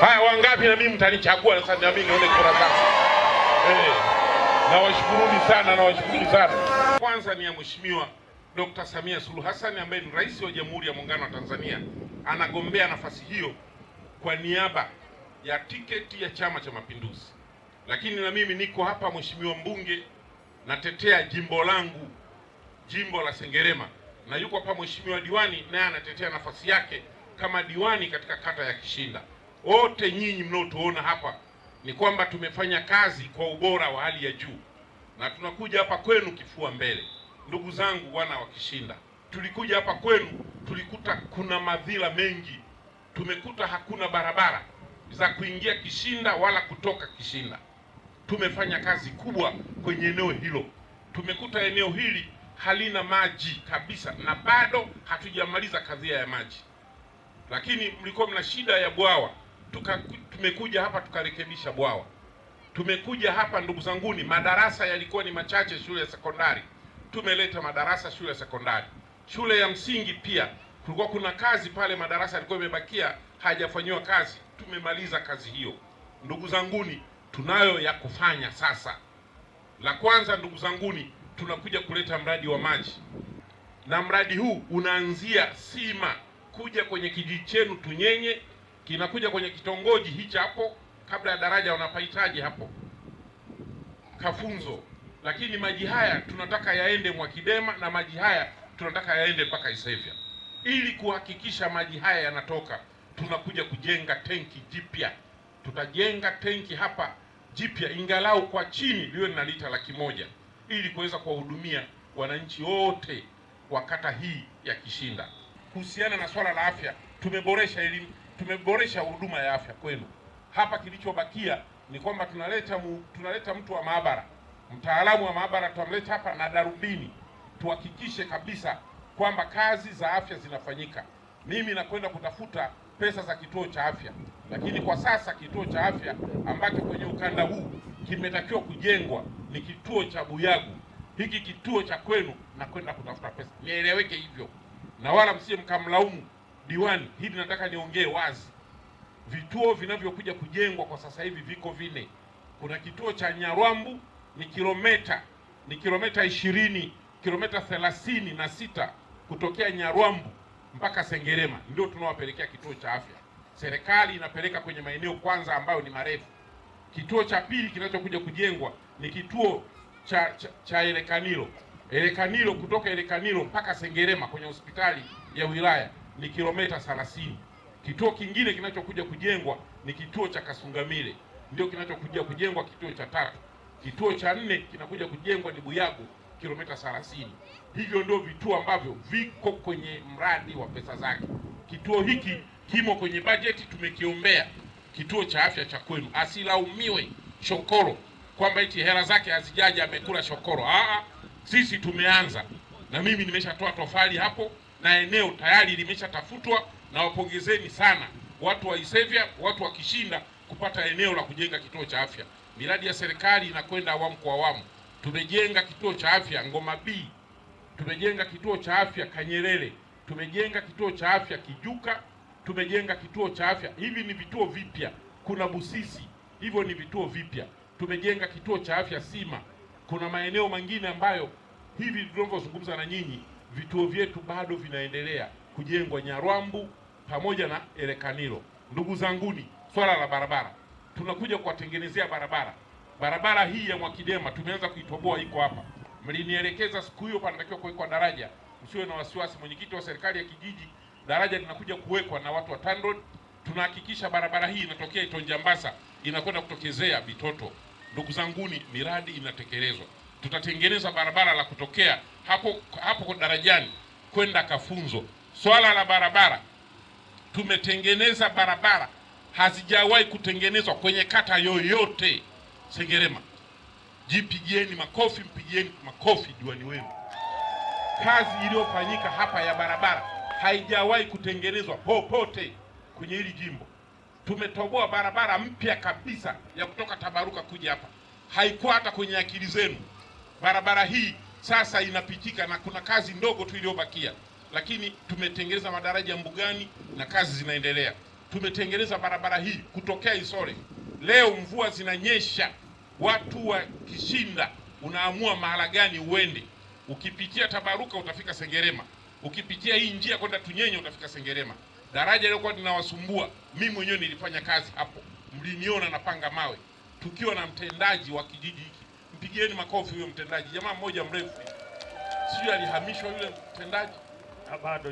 Haya, wangapi na mimi mtanichagua na mimi nione kura zangu. Eh. Na washukuruni sana na washukuruni sana. Kwanza ni ya Mheshimiwa Dr. Samia Suluhu Hassan ambaye ni Rais wa Jamhuri ya Muungano wa Tanzania anagombea nafasi hiyo kwa niaba ya tiketi ya Chama cha Mapinduzi. Lakini na mimi niko hapa Mheshimiwa mbunge natetea jimbo langu, jimbo la Sengerema na yuko hapa Mheshimiwa diwani naye anatetea nafasi yake kama diwani katika kata ya Kishinda wote nyinyi mnaotuona hapa ni kwamba tumefanya kazi kwa ubora wa hali ya juu, na tunakuja hapa kwenu kifua mbele. Ndugu zangu, wana wa Kishinda, tulikuja hapa kwenu, tulikuta kuna madhila mengi. Tumekuta hakuna barabara za kuingia Kishinda wala kutoka Kishinda. Tumefanya kazi kubwa kwenye eneo hilo. Tumekuta eneo hili halina maji kabisa, na bado hatujamaliza kadhia ya maji, lakini mlikuwa mna shida ya bwawa tuka, tumekuja hapa tukarekebisha bwawa. Tumekuja hapa ndugu zanguni, madarasa yalikuwa ni machache shule ya sekondari, tumeleta madarasa shule ya sekondari, shule ya msingi pia kulikuwa kuna kazi pale, madarasa yalikuwa yamebakia hajafanyiwa kazi, tumemaliza kazi hiyo. Ndugu zanguni, tunayo ya kufanya sasa. La kwanza ndugu zanguni, tunakuja kuleta mradi wa maji, na mradi huu unaanzia Sima kuja kwenye kijiji chenu Tunyenye kinakuja kwenye kitongoji hicho hapo, kabla ya daraja wanapahitaji hapo Kafunzo, lakini maji haya tunataka yaende Mwakidema na maji haya tunataka yaende mpaka Isevya. Ili kuhakikisha maji haya yanatoka, tunakuja kujenga tenki jipya. Tutajenga tenki hapa jipya, ingalau kwa chini liwe na lita laki moja ili kuweza kuwahudumia wananchi wote wa kata hii ya Kishinda. Kuhusiana na swala la afya, tumeboresha elimu tumeboresha huduma ya afya kwenu. Hapa kilichobakia ni kwamba tunaleta mu, tunaleta mtu wa maabara, mtaalamu wa maabara tutamleta hapa na darubini, tuhakikishe kabisa kwamba kazi za afya zinafanyika. Mimi nakwenda kutafuta pesa za kituo cha afya, lakini kwa sasa kituo cha afya ambacho kwenye ukanda huu kimetakiwa kujengwa ni kituo cha Buyagu. Hiki kituo cha kwenu nakwenda kutafuta pesa, nieleweke hivyo, na wala msiye mkamlaumu diwani, hili nataka niongee wazi. Vituo vinavyokuja kujengwa kwa sasa hivi viko vine. Kuna kituo cha Nyarwambu ni kilometa ni kilometa ishirini kilometa thelathini na sita kutokea Nyarwambu mpaka Sengerema, ndio tunawapelekea kituo cha afya. Serikali inapeleka kwenye maeneo kwanza ambayo ni marefu. Kituo cha pili kinachokuja kujengwa ni kituo cha, cha, cha Elekanilo Elekanilo, kutoka Elekanilo mpaka Sengerema kwenye hospitali ya wilaya ni kilomita 30. Kituo kingine kinachokuja kujengwa ni kituo cha Kasungamile, ndio kinachokuja kujengwa kituo cha tatu. Kituo cha nne kinakuja kujengwa ni Buyagu, kilomita 30. Hivyo ndio vituo ambavyo viko kwenye mradi wa pesa zake. Kituo hiki kimo kwenye bajeti, tumekiombea. Kituo cha afya cha kwenu, asilaumiwe Shokoro kwamba eti hela zake hazijaja, amekula Shokoro. Aa, sisi tumeanza na mimi nimeshatoa tofali hapo na eneo tayari limeshatafutwa, na wapongezeni sana watu wa Isevya, watu wakishinda kupata eneo la kujenga kituo cha afya. Miradi ya serikali inakwenda awamu kwa awamu. Tumejenga kituo cha afya Ngoma B, tumejenga kituo cha afya Kanyerere, tumejenga kituo cha afya Kijuka, tumejenga kituo cha afya hivi ni vituo vipya. Kuna Busisi, hivyo ni vituo vipya. Tumejenga kituo cha afya Sima. Kuna maeneo mengine ambayo hivi tunavyozungumza na nyinyi vituo vyetu bado vinaendelea kujengwa Nyarwambu pamoja na Elekanilo. Ndugu zanguni, swala la barabara tunakuja kuwatengenezea barabara. Barabara hii ya Mwakidema tumeanza kuitoboa, iko hapa. Mlinielekeza siku hiyo panatakiwa kuwekwa daraja, msiwe na wasiwasi. Mwenyekiti wa serikali ya kijiji, daraja linakuja kuwekwa na watu wa TANROADS. Tunahakikisha barabara hii inatokea Itonjambasa inakwenda kutokezea Bitoto. Ndugu zanguni, miradi inatekelezwa tutatengeneza barabara la kutokea hapo hapo darajani kwenda Kafunzo. Swala la barabara, tumetengeneza barabara hazijawahi kutengenezwa kwenye kata yoyote Sengerema. Jipigieni makofi, mpigieni makofi diwani wenu. Kazi iliyofanyika hapa ya barabara haijawahi kutengenezwa popote kwenye hili jimbo. Tumetoboa barabara mpya kabisa ya kutoka Tabaruka kuja hapa, haikuwa hata kwenye akili zenu barabara hii sasa inapitika na kuna kazi ndogo tu iliyobakia, lakini tumetengeneza madaraja Mbugani na kazi zinaendelea. Tumetengeneza barabara hii kutokea Isole. Leo mvua zinanyesha, watu wakishinda, unaamua mahala gani uende. Ukipitia Tabaruka utafika Sengerema, ukipitia hii njia kwenda Tunyenye utafika Sengerema. Daraja lilikuwa linawasumbua, mimi mwenyewe nilifanya kazi hapo, mliniona napanga mawe, tukiwa na mtendaji wa kijiji hiki Mpigieni makofi huyo mtendaji. Jamaa mmoja mrefu, sijui alihamishwa yule mtendaji na ah, bado